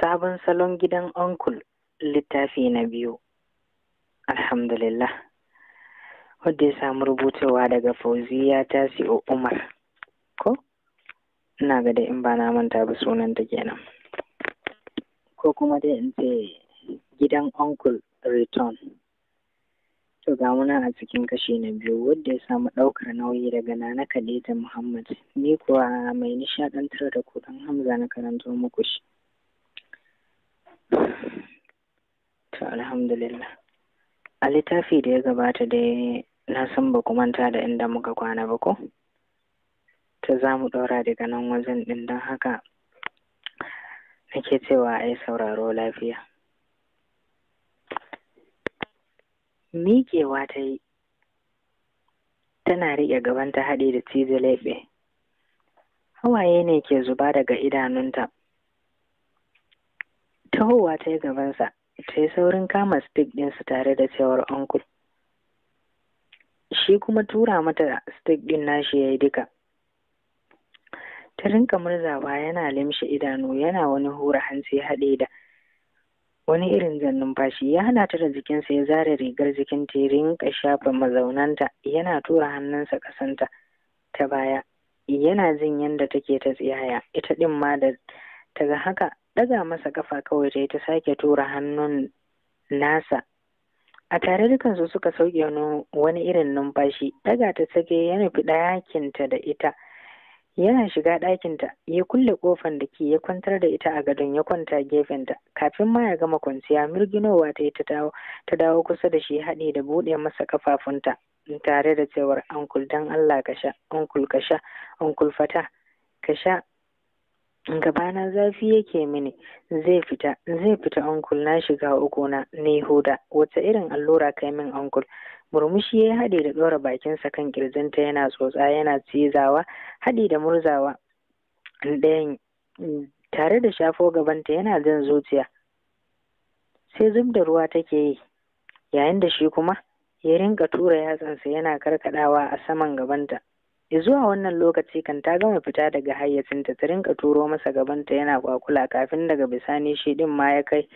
Sabon salon gidan Uncle littafi na biyu. Alhamdulillah. Wadda ya samu rubutawa daga Fauziya Tasi'u Umar. Ko? Ina ga da in ba na manta ba sunanta kenan. Ko kuma dai in ce gidan Uncle Return. To ga muna a cikin kashi na biyu wadda ya samu ɗaukar nauyi daga Nana Khadija Muhammad. Ni kuwa mai nishaɗantar da kuɗin Hamza na karanto muku shi. to alhamdulillah a littafi da ya gabata dai na san ba ku manta da inda muka kwana ba ko ta za mu ɗora daga nan wajen ɗin don haka nake cewa ai sauraro lafiya miƙewa ta yi tana riƙe gabanta ta haɗe da cizo leɓe hawaye ne ke zuba daga idanunta tahowa ta yi gabansa ta yi saurin kama stick ɗinsa tare da cewar uncle shi kuma tura mata stick ɗin nashi ya yi duka ta rinka murzawa yana limshe idanu yana wani hura hanci haɗe da wani irin zan numfashi ya hana ta da jikinsa ya zare rigar jikin ta rinka shafa mazaunanta yana tura hannunsa kasanta ta baya yana jin yadda take ta tsiyaya ita ɗin ma da ta ga haka ɗaga masa kafa kawai ta ta sake tura hannun nasa a tare dukansu suka sauke wani irin numfashi ɗaga ta sake ya nufi ɗakinta da ita yana shiga ɗakinta ya kulle kofan da ke ya kwantar da ita a gadon ya kwanta gefenta kafin ma ya gama kwanciya mirginowa ta yi ta dawo kusa da shi haɗe da buɗe masa kafafunta tare da cewar ankul dan Allah ka sha ankul ka sha ankul fata ka sha gabana zafi yake mini zai fita zai fita uncle na shiga uku na ne huda wata irin allura kai min uncle murmushi ya haɗe da ɗora bakinsa kan kirjinta yana tsotsa yana cizawa haɗe da murzawa ɗayan tare da shafo gabanta yana jan zuciya sai zub da ruwa take yi yayin da shi kuma ya rinka tura yatsansa yana karkadawa a saman gabanta zuwa wannan lokaci kan ta gama fita daga hayyacinta ta rinka turo masa gabanta yana kwakula kafin daga bisani shi din ma ya kai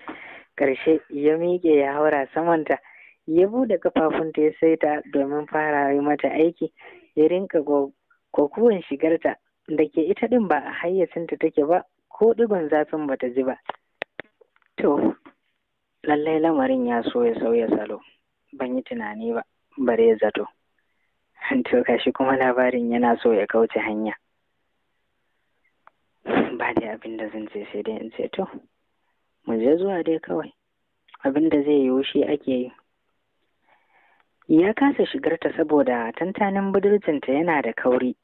karshe ya miƙe ya haura samanta ya buɗe kafafunta ya saita domin fara yi mata aiki ya rinka kwakuwan shigarta da ke ita din ba a hayyacinta take ba ko digon zafin bata ji ba to lallai lamarin ya so ya sauya salo ban yi tunani ba bare zato to shi kuma labarin yana so ya kauce hanya ba da abin da zan ce sai dai in ce to mu je zuwa dai kawai abin da zai yiwu shi ake yi ya kasa shigarta saboda tantanin budurcinta yana da kauri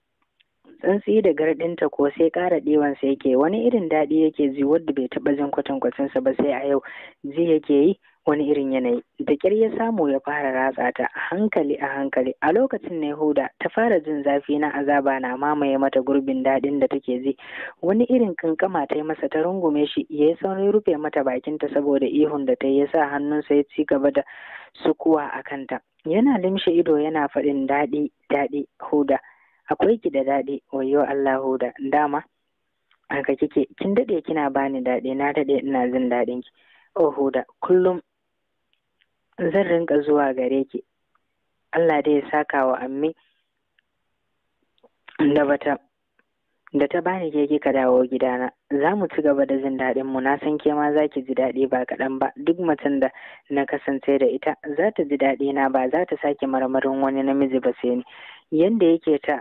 tsantsi da gardinta ko sai ƙara ɗewansa yake wani irin daɗi yake ji wadda bai taɓa jin kwatankwacinsa ba sai a yau ji yake yi wani irin yanayi da ƙyar ya samu ya fara ratsa ta a hankali a hankali a lokacin ne huda ta fara jin zafi na azaba na mamaye mata gurbin daɗin da take ji wani irin kankama ta yi masa ta rungume shi ya yi saurin rufe mata bakinta saboda ihun da ta yi ya sa hannunsa ya ci gaba da sukuwa a kanta yana limshe ido yana faɗin daɗi daɗi huda akwai ki da daɗi wayo allah huda dama haka kike kin daɗe kina bani daɗi na daɗe ina jin daɗin ki oh huda kullum zan rinka zuwa gare ki Allah dai ya saka wa amme da bata da ta bani ke kika dawo gidana za mu ci gaba da jin daɗin mu na san ke ma za ki ji daɗi ba kaɗan ba duk matan da na kasance da ita za ta ji daɗi na ba za ta sake marmarin wani namiji ba sai ni yanda yake ta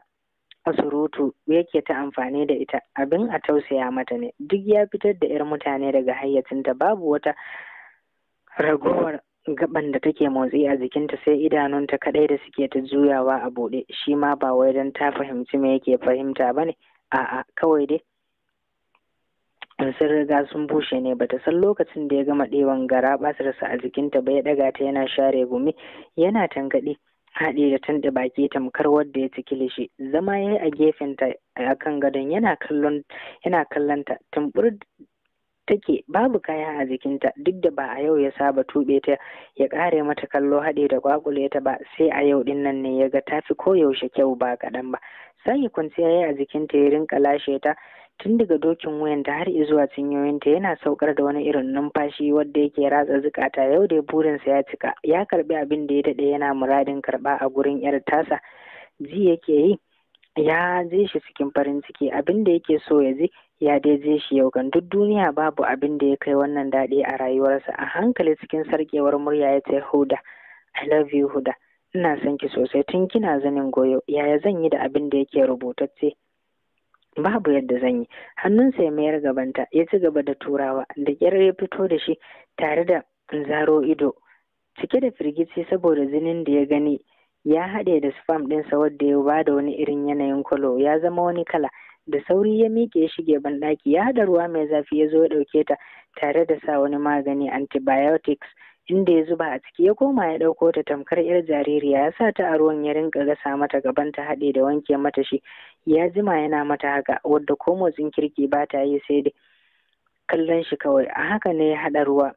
surutu yake ta amfani da ita abin a tausaya mata ne duk ya fitar da 'yar mutane daga hayyacinta babu wata ragowar gaban da take motsi a jikinta sai idanunta kadai da suke ta juyawa a buɗe shi ma ba wai don ta fahimci me yake fahimta ba ne a'a kawai dai sun riga sun bushe ne bata san lokacin da ya gama ɗewan gara basirsa a jikinta ba ya ɗaga ta yana share gumi yana tangaɗi haɗe da tanda baki tamkar wadda ya ci kilishi zama ya yi a gefenta a kan gadon yana kallon yana kallonta tumbur take babu kaya a jikinta duk da ba a yau ya saba tube ta ya kare mata kallo haɗe da kwakule ta ba sai a yau din nan ne ya ga ta fi koyaushe kyau ba kaɗan ba sai kwanciya ya a jikinta ya rinka lashe ta tun daga dokin wuyanta har zuwa cinyoyinta yana saukar da wani irin numfashi wadda yake ratsa zukata yau da burinsa ya cika ya karbi abin da ya daɗe yana muradin karɓa a gurin yar tasa ji yake yi ya je shi cikin farin ciki abin da yake so ya je ya dai je shi yau kan duk duniya babu abin da ya kai wannan daɗi a rayuwarsa a hankali cikin sarkewar murya ya ce huda i love you huda ina son ki sosai tun kina zanin goyo yaya zan yi da abin da yake rubutacce babu yadda zan yi hannunsa ya mayar gabanta ya ci gaba da turawa da kyar ya fito da shi tare da zaro ido cike da firgici saboda zinin da ya gani ya haɗe da spam ɗinsa wadda ya ba da wani irin yanayin kwalo ya zama wani kala da sauri ya miƙe ya shige banɗaki ya haɗa ruwa mai zafi ya zo ya ɗauke ta tare da sa wani magani antibiotics inda ya zuba a ciki ya koma ya ɗauko ta tamkar yar jaririya ya sa ta a ruwan ya rinka gasa mata gaban ta haɗe da wanke mata shi ya jima yana mata haka wadda ko motsin kirki ba ta yi sai dai kallon shi kawai a haka ne ya haɗa ruwa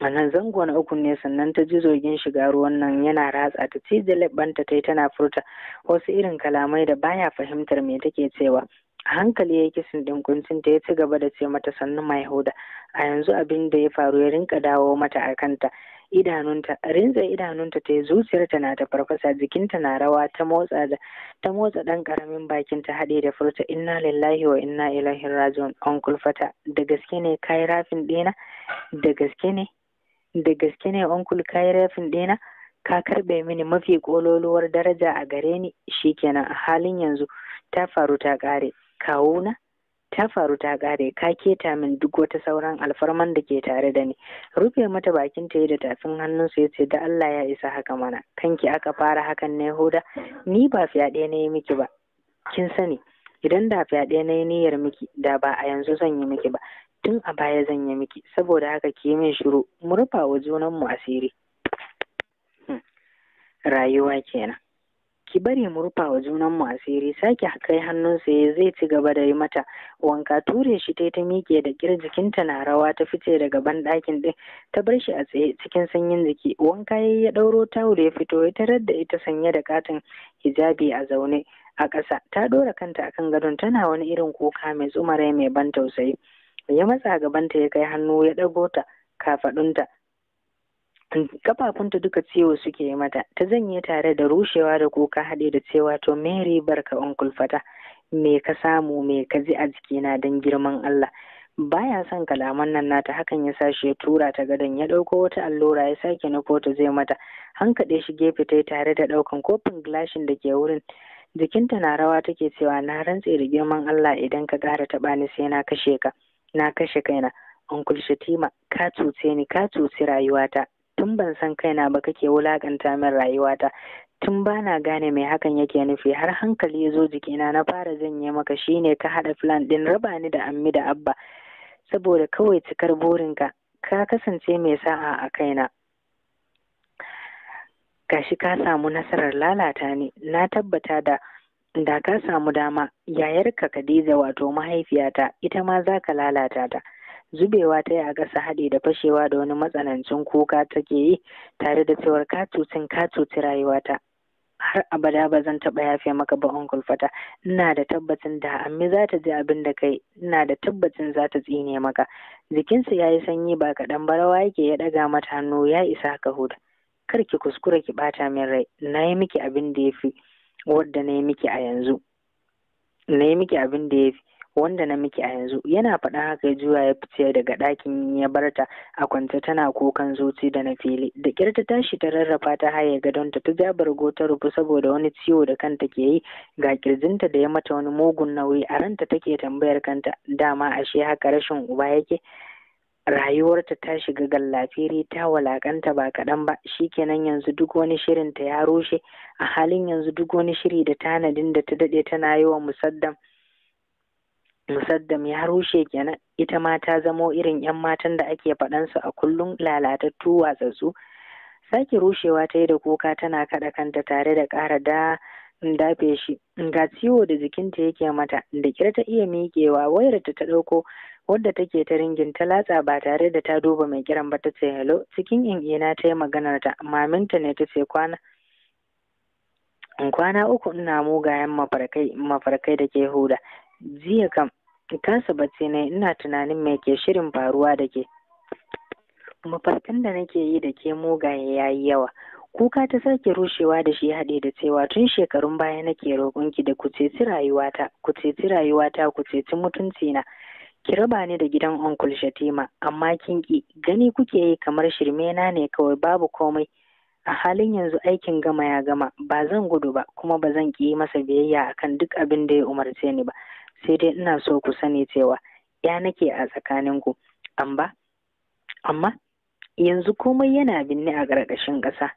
wannan zango na uku ne sannan ta ji zogin shiga ruwan nan yana ratsa ta ci da labbanta tana furta wasu irin kalamai da baya fahimtar me take cewa a hankali ya kisin din kuncin ta ya ci gaba da ce mata sannu mai huda a yanzu abin da ya faru ya rinka dawo mata a kanta idanunta rinza idanunta ta zuciyarta na ta farfasa jikinta na rawa ta motsa da ta motsa dan karamin bakin ta hade da furta inna lillahi wa inna ilaihi raji'un uncle fata da gaske ne kai rafin dina da gaske ne da gaske ne onkul kayi rafin ɗina ka karɓe mini mafi ƙololuwar daraja a gare ni kenan. a halin yanzu ta faru ta ƙare kawuna ta faru ta ƙare ka keta min duk wata sauran alfarman da ke tare da ni rufe mata bakin ta yi da tafin hannun ya ce da Allah ya isa haka mana kanki aka fara hakan ne, huda ni ba fyaɗe na yi miki ba kin sani idan da fyaɗe na yi niyyar miki da ba a yanzu zan yi miki ba tun a baya zan yi miki saboda haka ki min shiru mu rufa wa junanmu asiri hmm. rayuwa kenan ki bari mu rufa wa junanmu asiri sake kai hannunsa ya zai ci gaba da yi mata wanka ture shi ta ta miƙe da kir jikinta na rawa ta fice daga ban ɗakin ɗin ta bar shi a tsaye cikin sanyin jiki wanka yayi ya ɗauro tawul ya fito ya tarar da ita sanye da katin hijabi a zaune a ƙasa ta ɗora kanta akan gadon tana wani irin kuka mai tsumarai mai ban tausayi ya matsa gabanta ya kai hannu ya ɗago ta kafaɗunta kafafunta duka ciwo suke mata ta zan yi tare da rushewa da kuka haɗe da cewa to mary barka uncle fata me ka samu me ka ji a jikina don girman allah baya son kalaman nan nata hakan ya sa shi ya tura ta gadon ya ɗauko wata allura ya sake na ta zai mata hankaɗe shi gefe ta tare da ɗaukan kofin gilashin da ke wurin jikinta na rawa take cewa na rantse da girman allah idan ka ƙara taɓa ni sai na kashe ka na kashe kaina uncle shatima ka cuce ni ka cuci rayuwata tun ban san kaina ba kake wulakanta min rayuwata tun bana gane mai hakan yake nufi har hankali ya zo jikina na fara janye maka shine ka haɗa filan ɗin raba ni da ammi da abba saboda kawai cikar burinka ka kasance mai sa'a a kaina gashi ka samu nasarar lalata ni na tabbata da da ka samu dama yayarka Khadija wato mahaifiyata ita ma za ka lalata ta zubewa ta ya gasa ƙasa haɗe da fashewa da wani matsanancin kuka take yi tare da cewar ka cutin ka cuci rayuwata har abada ba zan taɓa yafe maka ba onkul fata ina da tabbacin da amma za ta ji abin da kai ina da tabbacin za ta tsine maka jikinsa ya yi sanyi ba kaɗan ba rawa yake ya ɗaga mata hannu ya isa ka huda kar ki kuskura ki ɓata min rai na yi miki abin da ya fi wadda na yi miki a yanzu na yi miki abin da ya wanda na miki a yanzu yana faɗa haka juya ya fice daga ɗakin ya barta a kwance tana kukan zuci da na fili da ƙyar ta tashi ta rarrafa ta haye gadonta ta ja bargo ta rufu saboda wani ciwo da kanta ke yi ga ƙirjinta da ya mata wani mugun nauyi a ranta take tambayar kanta dama ashe haka rashin uba yake rayuwarta ta shiga gallafere ta walakanta ba kaɗan ba shikenan yanzu duk wani shirin ta ya rushe a halin yanzu duk wani shiri da tanadin da ta daɗe tana yi wa musaddam musaddam ya rushe kenan ita ma ta zamo irin yan matan da ake su a kullum lalatattu watsatsu sake rushewa ta yi da kuka tana kaɗa kanta tare da ƙara da dafe shi ga ciwo da jikinta yake mata da kira ta iya miƙewa wayarta ta ɗauko wadda take ta ringin ta latsa ba tare da ta duba mai kiran ba ta ce hello cikin ingina ta yi maganar ta maminta ne ta ce kwana in kwana uku ina mugayen mafarkai mafarkai da ke huda jiya kam kansa bacci ne ina tunanin mai ke shirin faruwa da ke mafarkan da nake yi da ke mugaye ya yi yawa kuka ta sake rushewa da shi haɗe da cewa tun shekarun baya nake roƙonki da rayuwata ku ceci rayuwata ku ceci mutuncina ki raba ni da gidan onkul shatima amma kin ki gani kuke yi kamar shirmena ne kawai babu komai a halin yanzu aikin gama ya gama ba zan gudu ba kuma ba zan ki masa biyayya a kan duk abin da ya umarce ni ba sai dai ina so ku sani cewa ya nake a tsakaninku amma amma yanzu komai yana binne a ƙarƙashin ƙasa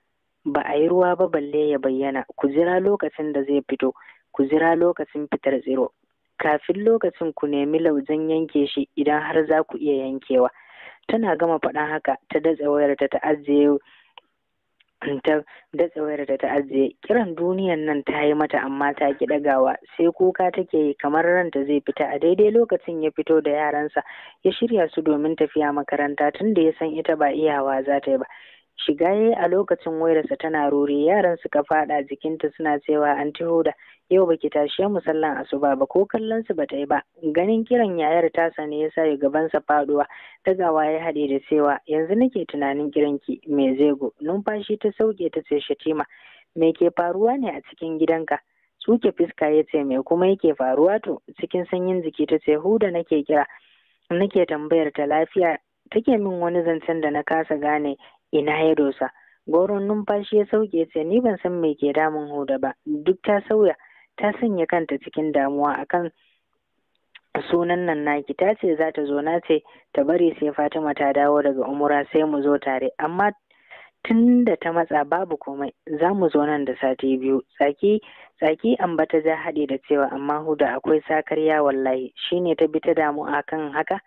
ba a yi ruwa ba balle ya bayyana ku jira lokacin da zai fito ku jira lokacin fitar tsiro kafin lokacin ku nemi laujen yanke shi idan har za ku iya yankewa tana gama faɗan haka ta datse wayar ta ajiye ta datse wayar ta ajiye kiran duniyan nan ta yi mata amma ta ki ɗagawa sai kuka take yi kamar ranta zai fita a daidai lokacin ya fito da yaransa ya shirya su domin tafiya makaranta tunda ya san ita ba iyawa za ta yi ba shiga yayi a lokacin wayarsa tana ruri yaran suka fada jikinta suna cewa anti Huda? yau baki tashe mu sallan asuba ba ko kallon su bata yi ba ganin kiran yayar tasa ne yasa ya gaban sa faduwa tagawa ya hade da cewa yanzu nake tunanin kiranki me zego numfashi ta sauke ta ce shatima me ke faruwa ne a cikin gidanka tsuke fiska ya ce me kuma yake faruwa to cikin sanyin jiki ta ce huda nake kira nake tambayar ta lafiya take min wani zancen da na kasa gane ina ya dosa goron numfashi ya sauke ce ni ban san me ke damun huda ba duk ta sauya ta sanya kanta cikin damuwa akan sunan nan naki ta ce za ta zo na ce ta bari sai fatima ta dawo daga umura sai mu zo tare amma tun da ta matsa babu komai za mu zo nan da sati biyu tsaki tsaki ambata ja haɗe da cewa amma huda akwai sakarya wallahi shine ta bi ta damu akan haka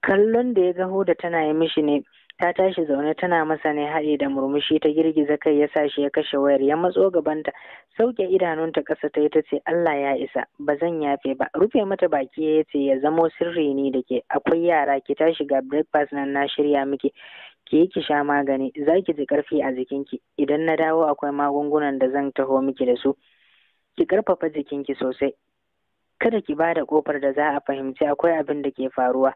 kallon da ya ga huda tana yi mishi ne ta tashi zaune tana masa ne haɗe da murmushi ta girgiza kai ya sa shi ya kashe wayar ya matso gabanta sauke idanunta ƙasa ta yi ta ce Allah ya isa ba zan yafe ba rufe mata baki ya ce ya zamo sirri ni da ke akwai yara ki tashi ga breakfast nan na shirya miki ki yi ki sha magani za ki ji ƙarfi a jikinki idan na dawo akwai magungunan da zan taho miki da su ki ƙarfafa jikinki sosai kada ki ba da ƙofar da za a fahimci akwai abin da ke faruwa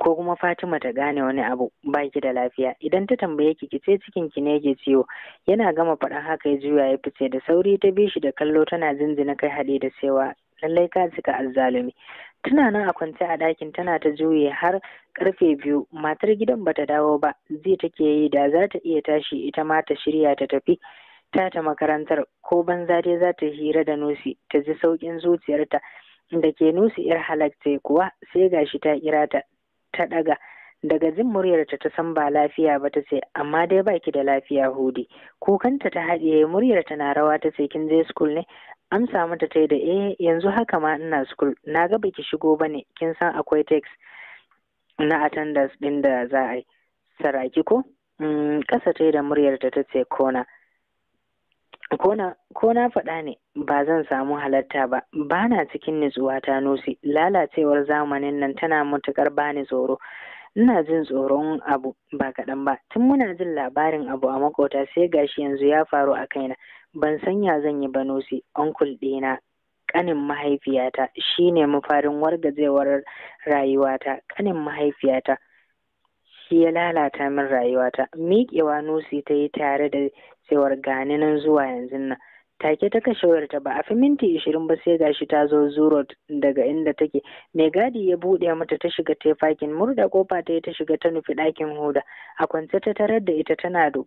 ko kuma Fatima ta gane wani abu baki da lafiya idan ta tambaye ki ce cikin ki ne yake ciwo yana gama faɗan haka ya juya ya fice da sauri ta bi shi da kallo tana zinzina kai haɗe da cewa lallai ka cika azzalumi tana nan a kwance a ɗakin tana ta juye har karfe biyu matar gidan bata dawo ba zai take yi da za ta iya tashi ita ma ta shirya ta tafi Ta ta makarantar ko banza dai za ta hira da nusi ta ji sauƙin zuciyarta da ke nusi yar halakta kuwa sai gashi ta kira ta ta ɗaga, daga jin muryarta ta san ba lafiya ba ta ce amma dai baki da lafiya hudi kukanta ta haɗiye muryarta na rawa ta ce kin je school ne amsa mata ta da eh yanzu haka ma ina school na ga baki shigo ba ne kin san akwai text na attendance din da za a yi saraki ko kasa mm, ta da muryarta ta ce kona ko na faɗa ne ba zan samu halarta ba ba na cikin nutsuwa ta nosi lalacewar zamanin nan tana matuƙar bani tsoro ina jin tsoron abu ba kaɗan ba tun muna jin labarin abu a makota sai gashi yanzu ya faru a kaina ban san zan yi ba nosi onkul ɗina ƙanin mahaifiyata shine mafarin wargajewar rayuwata Ƙanin mahaifiyata shi ya lalata min rayuwata miƙewa nosi ta yi tare da cewar gane nan zuwa yanzu nan take ta kashe ta ba a fi minti ishirin ba sai gashi ta zo zuro daga inda take mai gadi ya buɗe mata ta shiga tefakin murda kofa ta ta shiga ta nufi ɗakin hoda a kwance ta tarar da ita tana da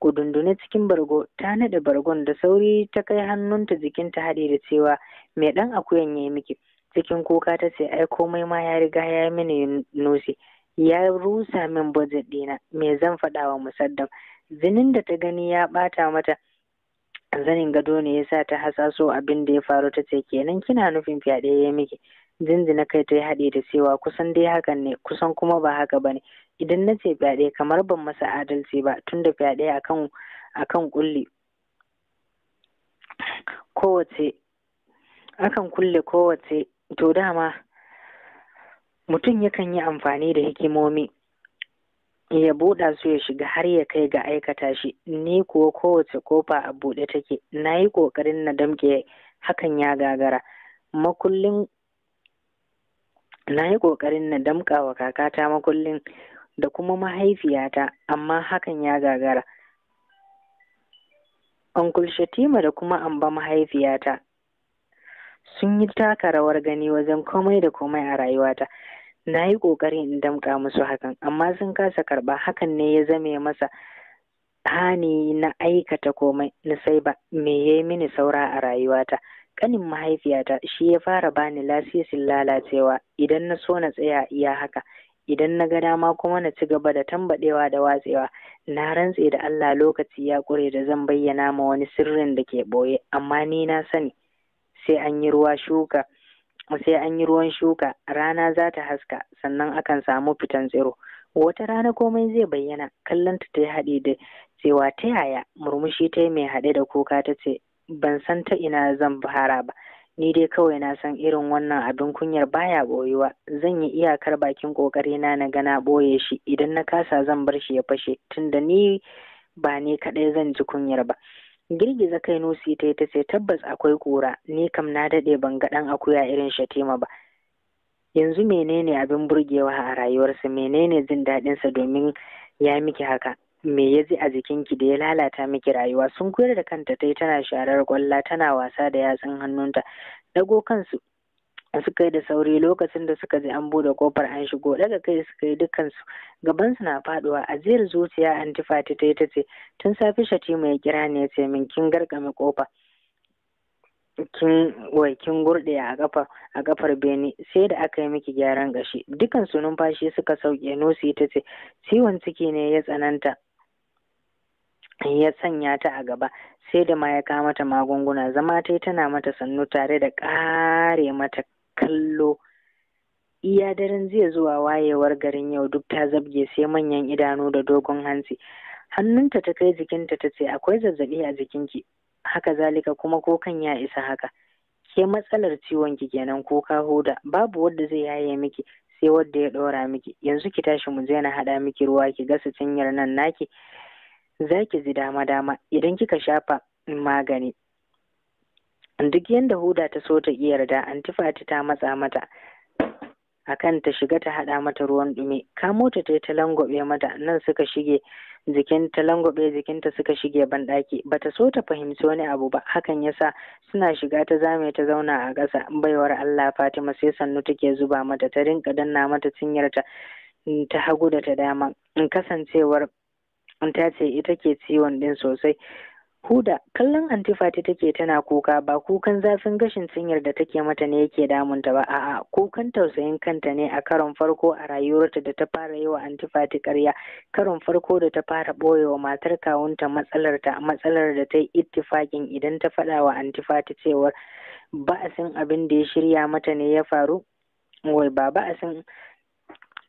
kudundune cikin bargo ta naɗe bargon da sauri ta kai hannunta ta haɗe da cewa mai ɗan akuyan ya yi miki cikin kuka ta ce ai komai ma ya riga ya yi mini nusi ya rusa min budget ɗina me zan faɗawa musaddam zinin da ta gani ya ɓata mata zanin gado ne ya sa ta hasaso abin da ya faru ta ce kenan kina nufin fyaɗe ya miki zinzina kai ta yi haɗe da cewa kusan dai hakan ne kusan kuma ba haka ba ne idan na ce fyaɗe kamar ban masa adalci ba tunda fyaɗe akan kan kulle kowace akan kulle kowace to dama mutum yakan yi amfani da hikimomi ya buɗa su ya shiga har ya kai ga aikata shi ni kuwa kowace kofa a buɗe take na yi ƙoƙarin na damƙe hakan ya gagara makullin na yi ƙoƙarin na damƙa wa kakata makullin da kuma mahaifiyata amma hakan ya gagara Ankul Shatima da kuma amba mahaifiyata sun yi taka rawar gani wajen komai da komai a rayuwata na yi ƙoƙarin in damƙa musu hakan amma sun kasa karɓa hakan ne ya zame masa hani na aikata komai na sai ba me ya yi mini saura a rayuwata ƙanin mahaifiyata shi ya fara bani lasisin lalacewa idan na so na tsaya iya haka idan na ga dama kuma na ci gaba da tambadewa da watsewa na rantse da Allah lokaci ya ƙure da zan bayyana ma wani sirrin da ke ɓoye amma ni na sani sai an yi ruwa shuka sai an yi ruwan shuka rana za ta haska sannan akan samu fitan tsiro wata rana komai zai bayyana kallon ta yi haɗe da cewa ta yaya murmushi ta yi mai haɗe da kuka ta ce ban san ta ina zan fara ba ni dai kawai na san irin wannan abin kunyar baya ɓoyewa. zan yi iyakar bakin kokari na na gana ɓoye shi idan na kasa zan bar shi ya fashe tunda ni ba ni kaɗai zan ji kunyar ba girgiza kai nosi ta ta sai tabbas akwai kura ni kam na daɗe ban ga ɗan akuya irin shatima ba yanzu menene abin burgewa a rayuwarsa menene jin daɗinsa domin ya miki haka me ya ji a jikinki da ya lalata miki rayuwa sun koyar da kanta tai tana sharar kwalla tana wasa da yatsun hannunta dago kansu da suka yi da sauri lokacin da suka ji an bude kofar an shigo daga kai suka yi Gaban su na faduwa ajiyar zuciya antifati ta ta ce tun safi shati ya kira ne ya ce min kin garkame kofa kin wai kin gurde a ƙafar a kafar beni sai da aka yi miki gyaran gashi dukan su numfashi suka sauke nosi ta ce ciwon ciki ne ya tsananta ya sanya ta a gaba sai da ma ya ta magunguna zama ta tana mata sannu tare da kare mata kallo iya daren zai zuwa wayewar garin yau duk ta zabge sai manyan idanu da dogon hansi hannunta ta kai jikinta ta ce akwai zazzabi a jikinki haka zalika kuma ko kan ya isa haka ke matsalar ciwon ki kenan ko ka hoda babu wanda zai yaye miki sai wanda ya ɗora miki yanzu ki tashi mu je na haɗa miki ruwa ki gasa cinyar nan naki zaki ji dama dama idan kika shafa magani duk yadda huda ta so ta iya yarda antifati ta matsa mata akan ta shiga ta haɗa mata ruwan ɗumi kamo ta yi ta langobe mata nan suka shige jikin ta jikinta suka shige banɗaki bata so ta fahimci wani abu ba hakan yasa suna shiga ta zame ta zauna a ƙasa baiwar Allah Fatima sai sannu take zuba mata ta rinka danna mata cinyar ta ta hagu da ta dama kasancewar ta ce ita ke ciwon ɗin sosai Huda kallon antifati take tana kuka ba kukan zafin gashin cinyar da take mata ne yake damunta ba a'a kukan tausayin kanta ne a karon farko a rayuwarta da ta fara yi wa antifati karya karon farko da ta fara boyewa matar kawunta matsalar ta matsalar da ta yi ittifakin idan ta faɗa wa antifati cewar ba a san abin da ya shirya mata ne ya faru wai ba ba a san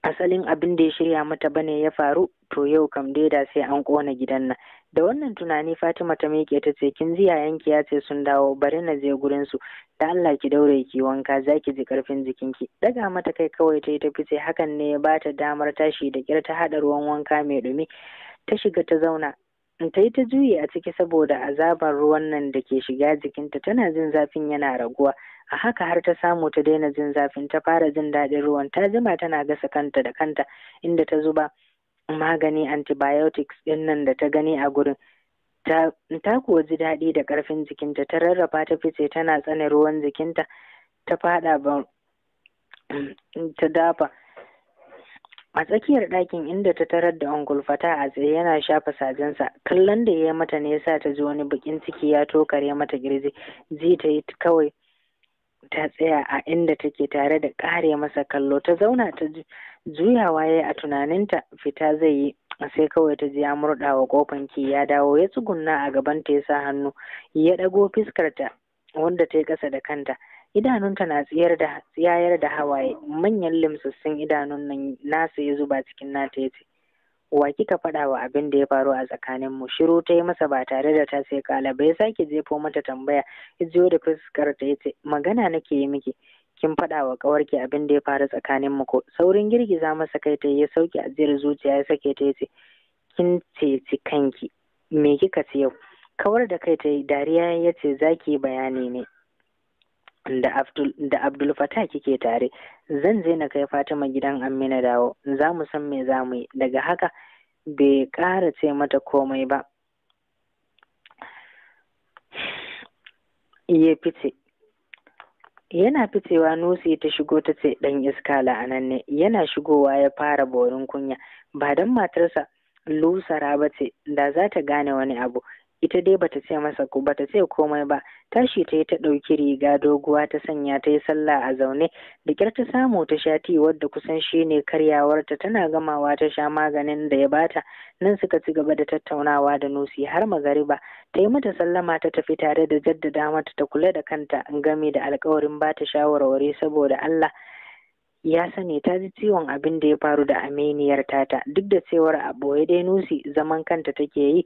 asalin abin da ya shirya mata bane ya faru to yau kam dai da sai an kona gidan nan da wannan tunani fatima ta miƙe ta ce kin ziya yanki ya ce sun dawo bari na je gurin su da allah ki daure ki wanka zaki ji karfin jikinki daga mata kai kawai ta yi ta fice hakan ne ya bata damar tashi da kyar ta haɗa ruwan wanka mai dumi ta shiga ta zauna ta yi ta juyi a ciki saboda azabar ruwan nan da ke shiga jikinta tana jin zafin yana raguwa a haka har ta samu ta daina jin zafin ta fara jin daɗin ruwan ta jima tana gasa kanta da kanta inda ta zuba magani antibiotics ɗin nan da ta gani a gurin ta, ta kuwa ji daɗi da ƙarfin jikinta ta rarraba ta fice tana tsane ruwan jikinta ta faɗa ta dafa a tsakiyar ɗakin inda ta tarar da ungulfata a tsaye yana shafa sajensa kallon da ya yi mata ne yasa ta ji wani bakin ciki ya tokare mata girji zai ta yi kawai ta tsaya a inda take tare da kare masa kallo ta zauna ta juyawa ya a tunaninta fita zai yi sai kawai ta ji ya murɗa wa kofan ki ya dawo ya tsugunna a gabanta ya sa hannu ya ɗago ta wanda ta yi ƙasa da kanta idanunta na tsiyayar da hawaye manyan limsassun idanun nan nasa ya zuba cikin nata ya ce wa kika faɗa wa abin da ya faru a tsakanin mu shiru ta yi masa ba tare da ta sai kala ba ya sake jefo mata tambaya ya jiyo da fuskar ta ce, magana nake yi miki kin faɗa wa kawarki abin da ya faru tsakanin mu ko saurin girgiza masa kai ta ya sauke ajiyar zuciya ya sake ta ce. kin ceci kanki me kika ce yau kawar da kai ta yi dariya ya ce zaki bayani ne da Abdul kike tare zan je na kai Fatima gidan Amina dawo za mu san me za mu yi daga haka bai ƙara ce mata komai ba ya fice yana ficewa nusi ta shigo ta ce ɗan iska la'ananne yana shigowa ya fara borin kunya ba don matarsa lusara ba ce da za ta gane wani abu ita dai bata ce masa ko bata ce komai ba tashi ta yi ta ɗauki riga doguwa ta sanya ta yi sallah a zaune da kyar ta samu ta sha ti wadda kusan shi ne karyawarta tana gamawa ta sha maganin da ya bata nan suka ci gaba da tattaunawa da nusi har magariba ta yi mata sallama ta tafi tare da jaddada mata ta kula da kanta game da alkawarin ta shawarwari saboda Allah ya sani ta ji ciwon abin da ya faru da aminiyar tata duk da cewar a ɓoye dai nusi zaman kanta take yi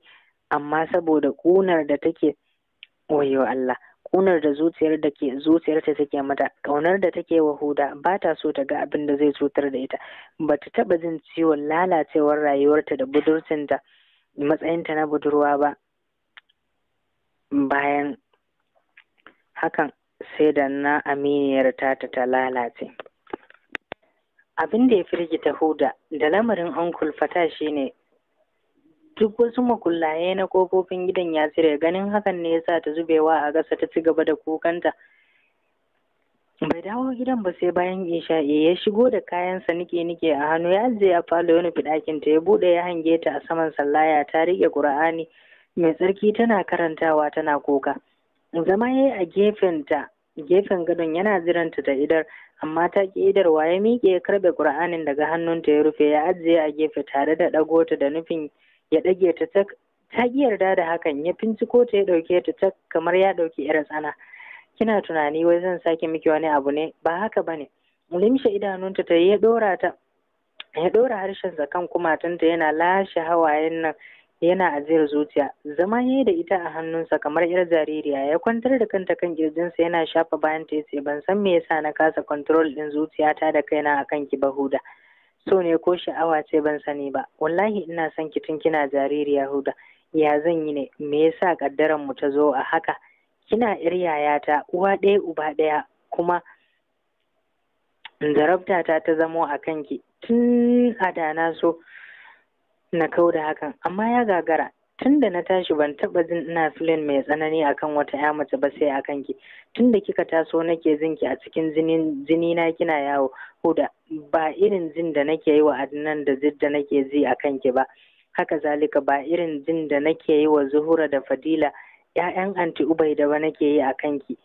amma saboda ƙunar da take wayo Allah ƙunar da zuciyar da ke zuciyarta take mata ƙaunar da take wa huda ba ta so ta ga abin da zai cutar da ita ba ta taɓa jin ciwon lalacewar rayuwarta da budurcinta matsayinta na budurwa ba bayan hakan sai da na aminiyar tata ta lalace abin da ya firgita huda da lamarin uncle fata shine duk wasu makullaye na kofofin gidan ya cire ganin hakan ne yasa ta zubewa a ƙasa ta ci gaba da kukanta bai dawo gidan ba sai bayan isha ya shigo da kayansa nike-nike a hannu ya ajiye a falo nufi ɗakin ta ya buɗe ya hange ta a saman sallaya ta riƙe ƙur'ani mai tsarki tana karantawa tana kuka zama ya yi a gefen ta gefen gadon yana jiranta ta idar amma ta ki idarwa ya miƙe ya karɓe ƙur'anin daga hannunta ya rufe ya ajiye a gefe tare da ɗagota da nufin ya ɗage ta tak ta ƙi yarda da hakan ya finci ko ta ya ɗauke ta tak kamar ya ɗauki yar tsana kina tunani wai zan sake miki wani abu ne ba haka ba ne limshe idanunta ta ya ɗora ta ya ɗora harshensa kan kumatunta yana lashe hawayen nan yana ajiyar zuciya zama ya da ita a hannunsa kamar yar jaririya ya kwantar da kanta kan kirjinsa yana shafa bayan ta ce ban san me yasa na kasa control din zuciyata da kaina akan ki ba huda so ne ko sha'awa ce ban sani ba wallahi ina son ki tun kina jaririya huda ya zan yi ne me yasa kaddaran mu ta zo a haka kina yar yayata uwa ɗaya uba ɗaya kuma zarabta ta zamo a kanki tun a su na so na kau da hakan amma ya gagara tunda na tashi ban taba jin ina filin mai tsanani akan wata ya mace ba sai akan ki tun da kika taso nake jin ki a cikin jini na kina yawo ko da ba irin jin da nake yi wa Adnan da Zid da nake ji akan ki ba haka zalika ba irin jin da nake yi wa Zuhura da Fadila 'ya'yan anti da ba nake yi akan ki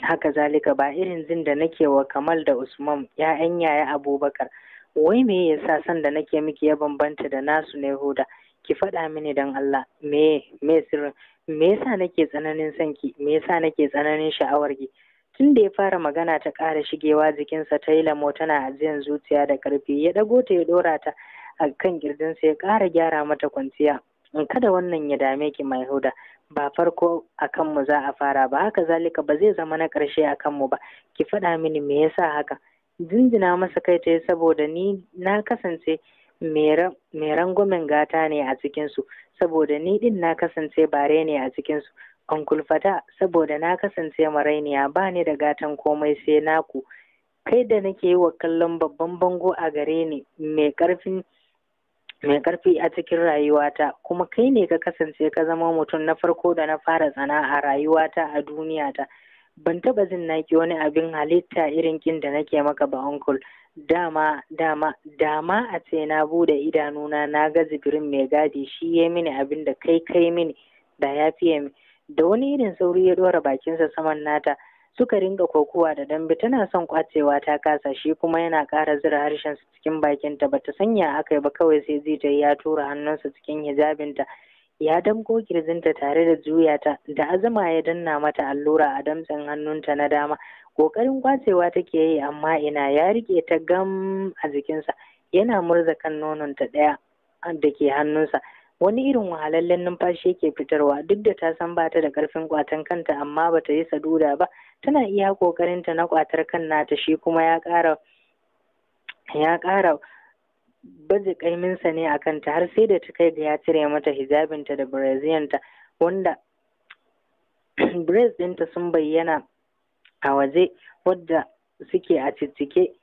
haka zalika ba irin jin da nake wa Kamal da Usman 'ya'yan yaya Abubakar wai me yasa san da nake miki ya bambanta da nasu ne Huda ki faɗa mini don Allah me me sirrin me yasa nake tsananin sanki me yasa nake tsananin sha'awarki tun da ya fara magana ta ƙara shigewa jikinsa ta yi lamo tana ajiyan zuciya da ƙarfi ya ɗago ta ya ɗora ta a kan ƙirjinsa ya ƙara gyara mata kwanciya in kada wannan ya dame ki mai huda ba farko a kanmu za a fara ba haka zalika ba zai zama na ƙarshe a kanmu ba ki faɗa mini me yasa haka jinjina masa kai ta yi saboda ni na kasance mai rangwamen gata ne a cikinsu saboda ni din na kasance bare ne a cikinsu Uncle Fata saboda na kasance marainiya ba ni da gatan komai sai naku kai da nake yi wa kallon babban bango a gare ni mai karfi a cikin rayuwata kuma kai ne ka kasance ka zama mutum na farko da na fara tsana a rayuwata a duniyata. ta ban taba jin naki wani abin halitta irin kin da nake maka ba uncle dama dama dama a ce na bude idanuna na ga zibirin mai gadi shi ya mini abin da kai kai mini da ya fiye min da wani irin sauri ya dora bakinsa saman nata suka ringa kokowa da dambe tana son kwacewa ta kasa shi kuma yana ƙara zira harshensa cikin bakinta bata sanya akai ba kawai sai zai ta ya tura hannunsa cikin hijabinta ya damko kirjinta tare da juyata da azama ya danna mata allura a damtsen hannunta na dama kokarin kwacewa take yi amma ina ya rike ta gam a jikinsa yana murza kan nononta ɗaya da ke hannunsa wani irin wahalallen numfashi yake fitarwa duk da ta san bata da karfin kwatan kanta amma bata yi saduda ba tana iya kokarinta na kwatar kan nata shi kuma ya ƙara ya ƙara baje kaiminsa ne a kanta har sai da ta kai ga ya cire mata hijabinta da brazilianta wanda braids ɗinta sun bayyana a waje wadda suke a cicike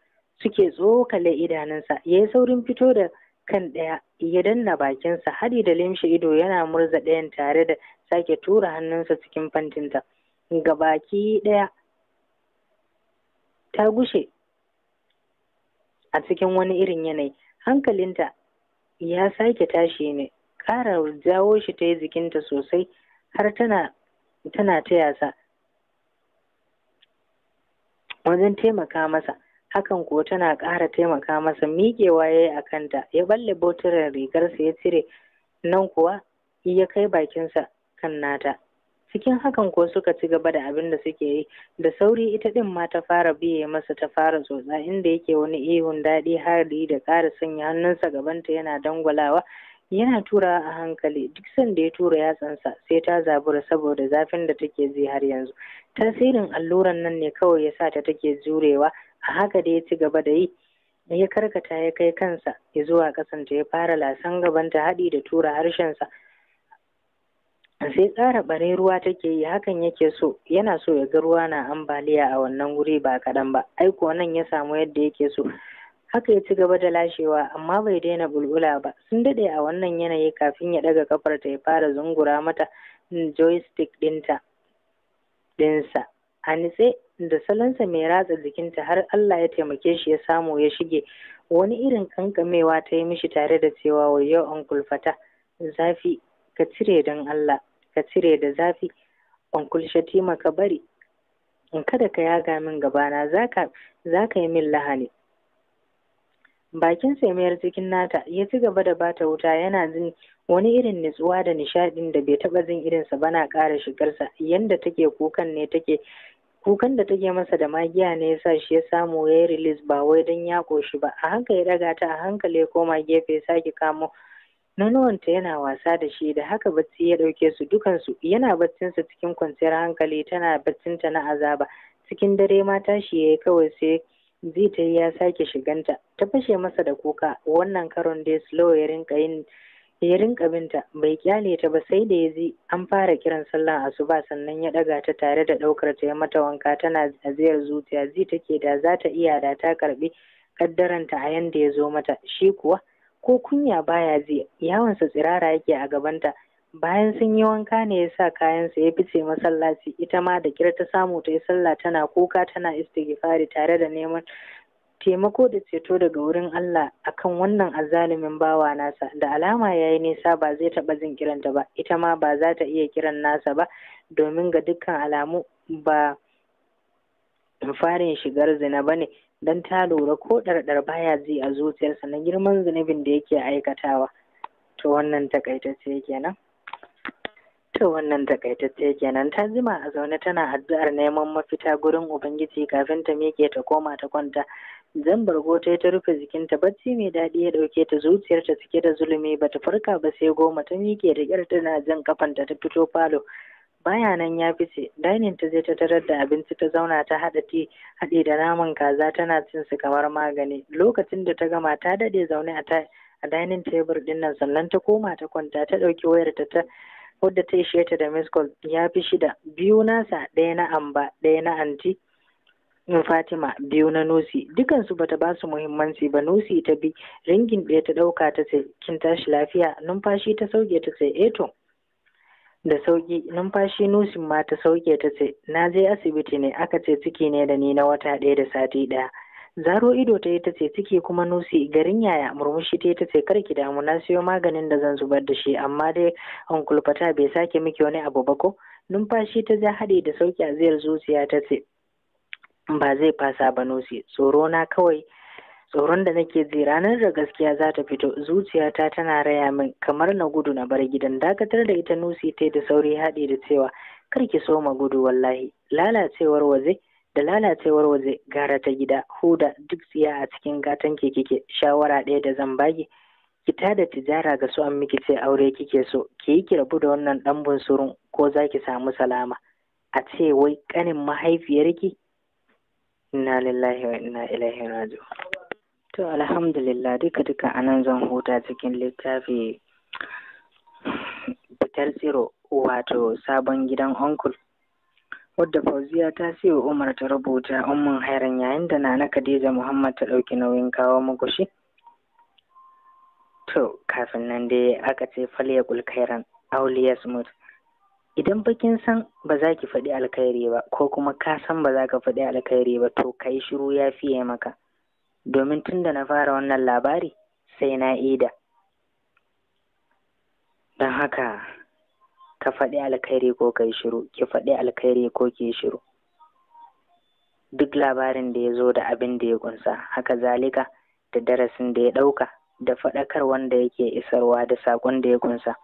suke tsokale idanunsa ya yi saurin fito da kan ɗaya ya danna bakinsa hadi da limshe ido yana murza ɗayan tare da sake tura hannunsa cikin fantinta ga baki ɗaya ta gushe a cikin wani irin yanayi hankalinta ya sake tashi ne ƙara jawo shi ta yi jikinta sosai har tana ta yasa wajen taimaka masa hakan ko tana ƙara taimaka masa miƙewa ya yi a kanta ya balle botunan rigarsa ya cire nan kuwa ya kai bakinsa kan nata cikin hakan ko suka ci gaba da abin da suke yi da sauri ita din ma ta fara biye masa ta fara tsotsa inda yake wani ihun daɗi hari da ƙara sanya hannunsa gabanta yana dangwalawa yana tura a hankali duk sanda ya tura yatsansa sai ta zabura saboda zafin da take ji har yanzu tasirin alluran nan ne kawai ya sa ta take jurewa a haka da ya ci gaba da yi ya karkata ya kai kansa ya zuwa kasanta ya fara lasan gabanta haɗi da tura harshensa sai ƙara ɓare ruwa take yi hakan yake so yana so ya ga ruwa na ambaliya a wannan wuri ba kaɗan ba aiko nan ya samu yadda yake so haka ya ci gaba da lashewa amma bai daina bulbula ba sun daɗe a wannan yanayi kafin ya ɗaga kafar ta ya fara zungura mata joystick ɗinta ɗinsa a nitse da salonsa mai ratsa jikinta har Allah ya taimake shi ya samu ya shige wani irin kankamewa ta yi mishi tare da cewa wayo an kulfata zafi ka cire don Allah ka cire da zafi kulshe tima ka bari in kada ka yaga min gabana zaka zaka yi min lahani bakin mayar cikin nata ya ci gaba da bata wuta yana jin wani irin nutsuwa da nishadin da bai taba jin irinsa ba na ƙara shigarsa yanda take kukan ne take kukan da take masa da magiya ne yasa shi ya samu ya yi release ba wai don ya ƙoshi ba a haka ya daga ta a hankali ya koma gefe sake kamo nonuwanta yana wasa da shi da haka bacci ya dauke su dukansu yana baccinsa cikin kwanciyar hankali tana baccinta na azaba cikin dare ma tashi ya kawai sai zai ta ya sake shiganta ta fashe masa da kuka wannan karon dai slow ya rinka yin ya rinka binta bai kyale ta ba sai da ya ji an fara kiran sallah asuba sannan ya daga ta tare da daukar ta ya mata wanka tana aziyar zuciya zai take da za ta iya da ta karbi kaddaranta a yanda ya zo mata shi kuwa ko kunya baya ji yawansa tsirara yake a gabanta bayan sun yi wanka ne ya sa kayansa ya fice masallaci ita ma da kira ta samu ta yi sallah tana kuka tana istighfari tare da neman taimako da ceto daga wurin Allah akan wannan azzalumin bawa nasa da alama yayi yi nisa ba zai taɓa jin kiranta ba ita ma ba za ta iya kiran nasa ba domin ga dukkan alamu ba farin shigar zina ba ne don ta lura ko ɗarɗar baya ji a zuciyarsa na girman zunubin da yake aikatawa to wannan takaitacce kenan to wannan takaitacce kenan ta jima a zaune tana addu'ar neman mafita gurin ubangiji kafin ta miƙe ta koma ta kwanta zan bargo ta ta rufe jikinta bacci mai daɗi ya ɗauke ta zuciyarta cike da zulumi bata farka ba sai goma ta miƙe da ƙyar tana jan kafanta ta fito falo baya nan ya fice dining ta je ta tarar da abinci ta zauna ta haɗa ti haɗe da naman kaza tana cin su kamar magani lokacin da ta gama ta daɗe zaune a a dining table din nan sannan ta koma ta kwanta ta ɗauki wayar ta ta wadda ta ishe ta da miss call ya fi shida biyu nasa ɗaya na amba ɗaya na anti Fatima biyu na Nusi dukansu bata ba su muhimmanci ba Nusi ta bi ringin ɗaya ta ɗauka ta ce kin tashi lafiya numfashi ta sauke ta ce eto eh da sauki numfashi nusin ma ta sauke ta ce na je asibiti ne aka ce ciki ne da ni na wata ɗaya da sati ɗaya zaro ido ta yi ta ce ciki kuma nusi garin yaya murmushi ta yi ta ce karki damu na siyo maganin da zan zubar da shi amma dai an bai sake miki wani abu ba ko numfashi ta ja haɗe da sauki a zuciya ta ce ba zai fasa ba nusi tsoro na kawai tsoron da nake ji ranar da gaskiya za ta fito zuciyata tana raya min kamar na gudu na bar gidan dakatar da ita nusi ta da sauri haɗe da cewa kar ki so ma gudu wallahi lalacewar waje da lalacewar waje gara ta gida huda duk tsiya a cikin gatan ke kike shawara ɗaya da zan baki ki da tijara ga su an miki ce aure kike so ki yi ki rabu da wannan ɗan bunsurun ko za ki samu salama a ce wai ƙanin mahaifiyarki inna lillahi wa inna ilaihi raji'un To alhamdulillah duka duka anan zan huta cikin littafi fitar tsiro wato sabon gidan onkul wadda fauziya ta siyo umar ta rubuta umman hairan yayin da nana khadija muhammad ta ɗauki nauyin kawo muku to kafin nan dai aka ce falya kulkairan auliya Smith. idan bakin san ba za ki faɗi alkhairi ba ko kuma ka san ba za ka faɗi alkhairi ba to ka yi shiru ya fiye maka domin tun da na fara wannan labari sai na ida don haka ka faɗi alkhairi ko kai shiru ki faɗi alkhairi ko ke shiru duk labarin da ya zo da abin da ya kunsa haka zalika da darasin da ya ɗauka da faɗakar wanda yake isarwa da saƙon da ya kunsa